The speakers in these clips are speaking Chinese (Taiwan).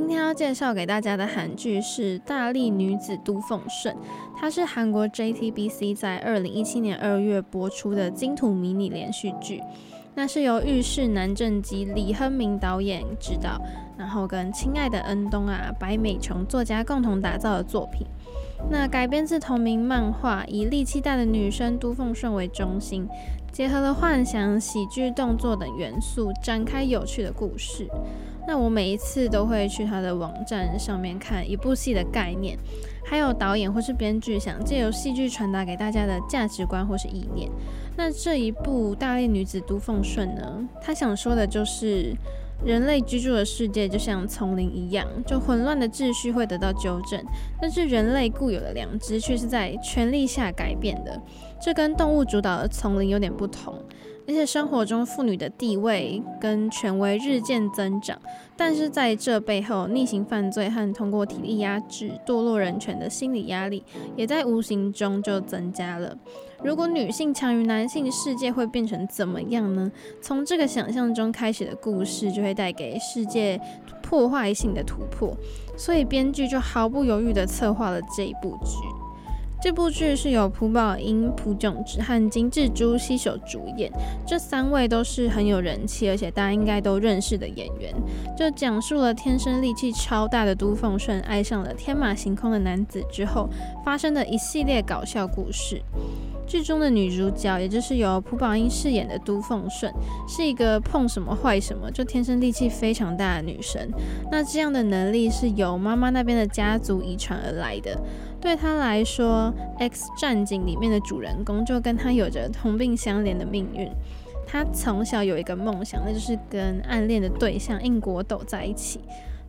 今天要介紹給大家的韓劇是《大力女子都奉順》，她是韓國 JTBC 在二零一七年二月播出的金土迷你連續劇。那是由浴室南正及李亨民導演指導，然後跟親愛的恩東啊、白美瓊作家共同打造的作品。那改編自同名漫畫，以力氣大的女生都奉順為中心，結合了幻想、喜劇、動作等元素，展開有趣的故事。那我每一次都會去他的網站上面看一部戲的概念，還有導演或是編劇想借由戲劇傳達給大家的價值觀或是意念。那這一部《大力女子都奉順》呢，他想說的就是人類居住的世界就像叢林一樣，就混亂的秩序會得到糾正，但是人類固有的良知卻是在權力下改變的。這跟動物主導的叢林有點不同。而且生活中，婦女的地位跟權威日漸增長，但是在這背後，逆行犯罪和通過體力壓制墮落人權的心理壓力，也在無形中就增加了。如果女性強於男性，世界會變成怎麼樣呢？從這個想象中開始的故事，就會帶給世界破壞性的突破。所以編劇就毫不猶豫地策劃了這一部劇。這部劇是由朴寶英、朴炯植和金志洙攜手主演，這三位都是很有人氣，而且大家應該都認識的演員。就講述了天生力氣超大的都奉順愛上了天馬行空的男子之後發生的一系列搞笑故事。劇中的女主角，也就是由朴寶英飾演的都奉順，是一個碰什麼壞什麼，就天生力氣非常大的女神。那這樣的能力是由媽媽那邊的家族遺傳而來的。對她來說，《X 戰警》裡面的主人公就跟她有着同病相憐的命運。她從小有一個夢想，那就是跟暗戀的對象應國斗在一起。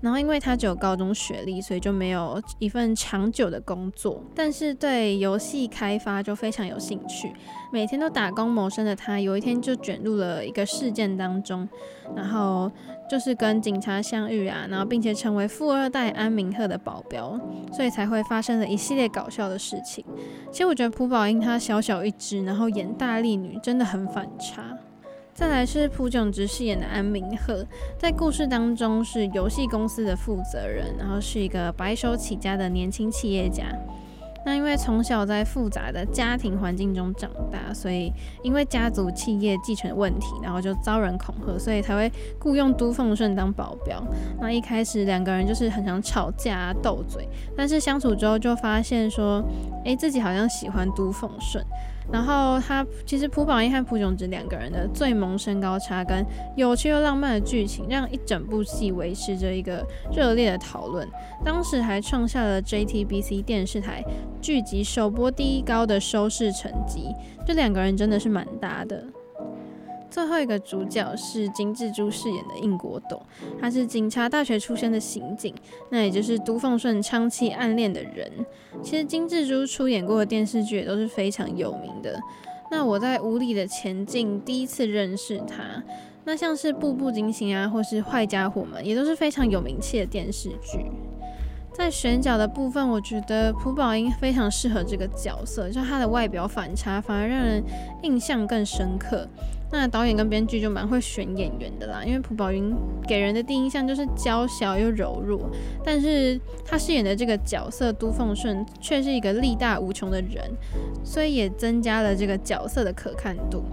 然後，因為他只有高中學歷，所以就沒有一份長久的工作。但是對遊戲開發就非常有興趣。每天都打工謀生的他，有一天就捲入了一個事件當中，然後就是跟警察相遇啊，然後並且成為富二代安明赫的保鏢，所以才會發生了一系列搞笑的事情。其實我覺得朴寶英她小小一隻，然後演大力女真的很反差。再來是朴炯植飾演的安明赫，在故事當中是遊戲公司的負責人，然後是一個白手起家的年輕企業家。那因為從小在複雜的家庭環境中長大，所以因為家族企業繼承問題，然後就遭人恐嚇，所以才會僱傭都奉順當保鏢。那一開始兩個人就是很常吵架鬥嘴，但是相處之後就發現說，哎、欸，自己好像喜歡都奉順。然後他其實朴寶英和朴炯植兩個人的最萌身高差跟有趣又浪漫的劇情，讓一整部戲維持着一個熱烈的討論。當時還創下了 JTBC 電視台劇集首播第一高的收視成績。這兩個人真的是蠻搭的。最後一個主角是金志洙飾演的應國斗，他是警察大學出身的刑警，那也就是都奉順長期暗戀的人。其實金志洙出演過的電視劇也都是非常有名的。那我在《無理的前進》第一次認識他，那像是《步步驚心》啊，或是《壞家伙們》也都是非常有名氣的電視劇。在選角的部分，我覺得朴寶英非常適合這個角色，就他的外表反差反而讓人印象更深刻。那導演跟編劇就蠻會選演員的啦，因為朴寶英給人的第一印象就是嬌小又柔弱，但是他飾演的這個角色都奉順卻是一個力大無窮的人，所以也增加了這個角色的可看度。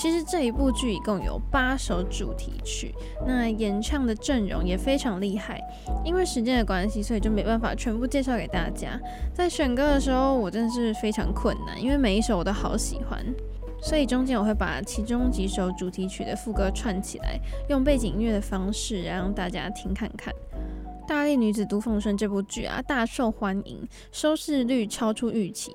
其實這一部劇一共有八首主題曲，那演唱的陣容也非常厲害。因為時間的關係，所以就沒辦法全部介紹給大家。在選歌的時候，我真的是非常困難，因為每一首我都好喜歡。所以中間我會把其中幾首主題曲的副歌串起來，用背景音樂的方式讓大家聽看看。《大力女子都奉順》這部劇啊，大受歡迎，收視率超出預期。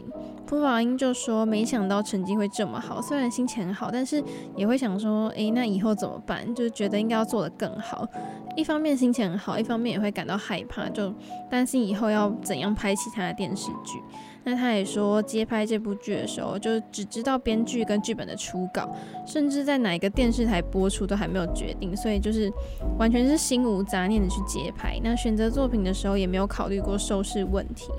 朴寶英就說：“沒想到成績會這麼好，雖然心情很好，但是也會想說，誒，那以後怎麼辦？就是覺得應該要做得更好。一方面心情很好，一方面也會感到害怕，就擔心以後要怎樣拍其他的電視劇。”那他也說接拍這部劇的時候，就只知道編劇跟劇本的初稿，甚至在哪個電視台播出都還沒有決定，所以就是完全是心無雜念的去接拍。那選擇作品的時候也沒有考慮過收視問題。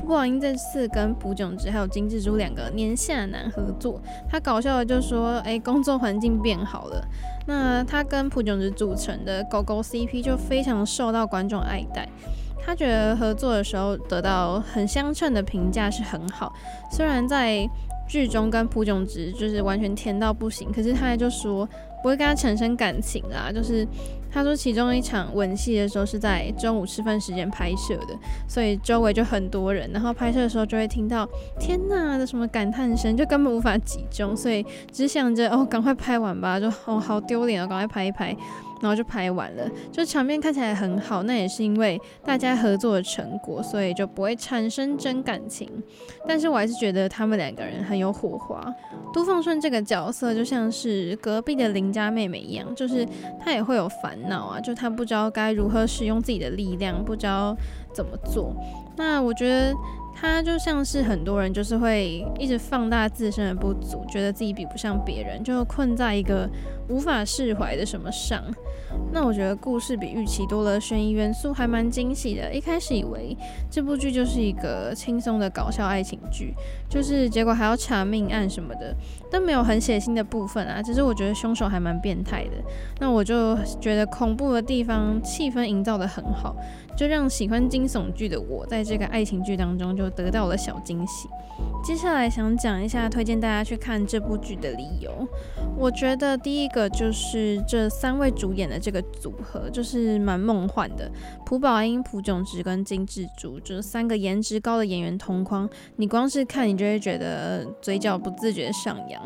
不過寶英這次跟朴炯植還有金志洙兩個年下男合作，他搞笑的就說：“哎、欸，工作環境變好了。”那他跟朴炯植組成的狗狗 CP 就非常受到觀眾愛戴。他覺得合作的時候得到很相稱的評價是很好，雖然在劇中跟朴炯植就是完全甜到不行，可是他還就說不會跟他產生感情啊。就是他說其中一場吻戲的時候是在中午吃飯時間拍攝的，所以周圍就很多人，然後拍攝的時候就會聽到天哪的什麼感嘆聲，就根本無法集中，所以只想着哦趕快拍完吧，就哦好丟臉哦，趕快拍一拍。然後就拍完了，就場面看起來很好，那也是因為大家合作的成果，所以就不會產生真感情。但是我還是覺得他們兩個人很有火花。都奉順這個角色就像是隔壁的鄰家妹妹一樣，就是她也會有煩惱啊，就她不知道該如何使用自己的力量，不知道怎麼做。那我覺得她就像是很多人，就是會一直放大自身的不足，覺得自己比不上別人，就困在一個無法釋懷的什麼上。那我覺得故事比預期多了懸疑元素，還蠻驚喜的。一開始以為這部劇就是一個輕鬆的搞笑愛情劇，就是結果還要查命案什麼的，但沒有很血腥的部分啊。只是我覺得兇手還蠻變態的。那我就覺得恐怖的地方，氣氛營造得很好。就讓喜歡驚悚劇的我，在這個愛情劇當中就得到了小驚喜。接下來想講一下推薦大家去看這部劇的理由。我覺得第一個就是這三位主演的這個組合就是蠻夢幻的，朴寶英、朴炯植跟金志洙，這三個顏值高的演員同框，你光是看你就會覺得嘴角不自覺上揚。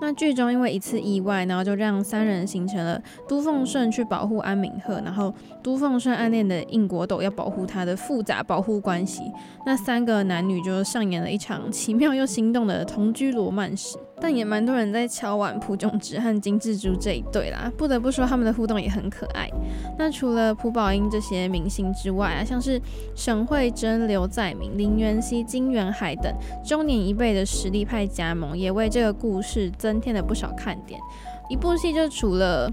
那劇中因為一次意外，然後就讓三人形成了都奉順去保護安敏赫，然後都奉順暗戀的應國棟要保護他的複雜保護關係，那三個男女就上演了一場奇妙又心動的同居羅曼史，但也蠻多人在敲碗朴炯植和金志洙這一對啦，不得不說他們的互動也很可愛。那除了朴寶英這些明星之外啊，像是沈慧珍、劉在明、林元熙、金元海等中年一輩的實力派加盟，也為這個故事增添了不少看點。一部戲就除了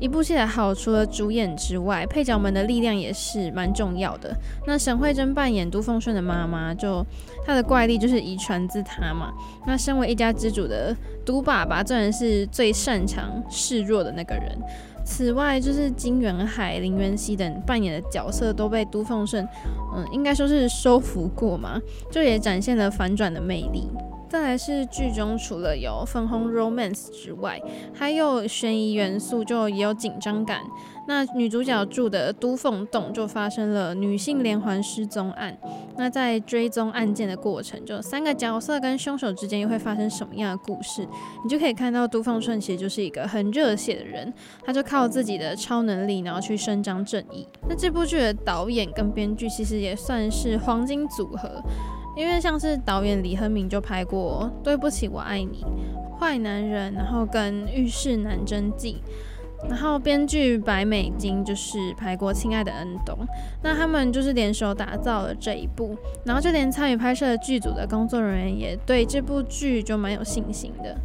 一部戲的好，除了主演之外，配角們的力量也是蠻重要的。那沈惠珍扮演都奉順的媽媽，就她的怪力就是遺傳自她嘛。那身為一家之主的都爸爸，自然是最擅長示弱的那個人。此外，就是金元海、林元熙等扮演的角色都被都奉順，嗯，應該說是收服過嘛，就也展現了反轉的魅力。再來是劇中除了有粉紅 romance 之外，還有懸疑元素，就也有緊張感。那女主角住的都鳳洞就發生了女性連環失蹤案。那在追蹤案件的過程，就三個角色跟凶手之間又會發生什麼樣的故事？你就可以看到都奉順其實就是一個很熱血的人，他就靠自己的超能力，然後去伸張正義。那這部劇的導演跟編劇其實也算是黃金組合。因為像是導演李亨民就拍過《對不起，我愛你》《壞男人》、然後跟《浴室男爭記》，然後編劇白美京就是拍過《親愛的恩東》，那他們就是聯手打造了這一部，然後就連參與拍攝劇組的工作人員也對這部劇就蠻有信心的。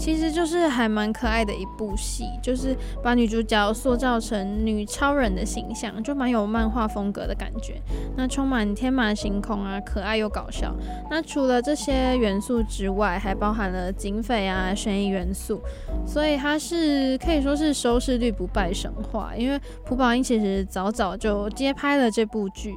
其實就是還蠻可愛的一部戲，就是把女主角塑造成女超人的形象，就蠻有漫畫風格的感覺。那充滿天馬行空啊，可愛又搞笑。那除了這些元素之外，還包含了警匪啊、懸疑元素，所以它是可以說是收視率不敗神話。因為朴寶英其實早早就接拍了這部劇。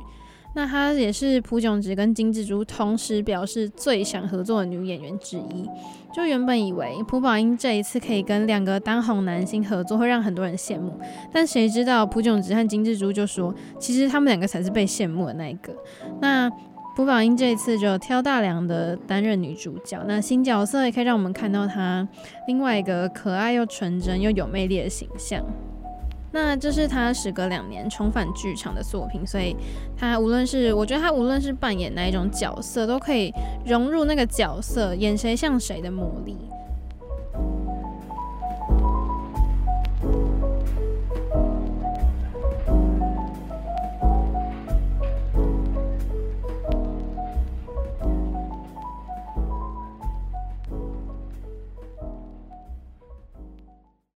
那她也是朴炯植跟金志洙同時表示最想合作的女演員之一。就原本以為朴寶英這一次可以跟兩個當紅男星合作，會讓很多人羨慕。但誰知道朴炯植和金志洙就說，其實他們兩個才是被羨慕的那一個。那朴寶英這一次就挑大樑的擔任女主角，那新角色也可以讓我們看到她另外一個可愛又純真又有魅力的形象。那這是他時隔兩年重返劇場的作品，所以他無論是我覺得他無論是扮演哪一種角色，都可以融入那個角色，演誰像誰的魔力。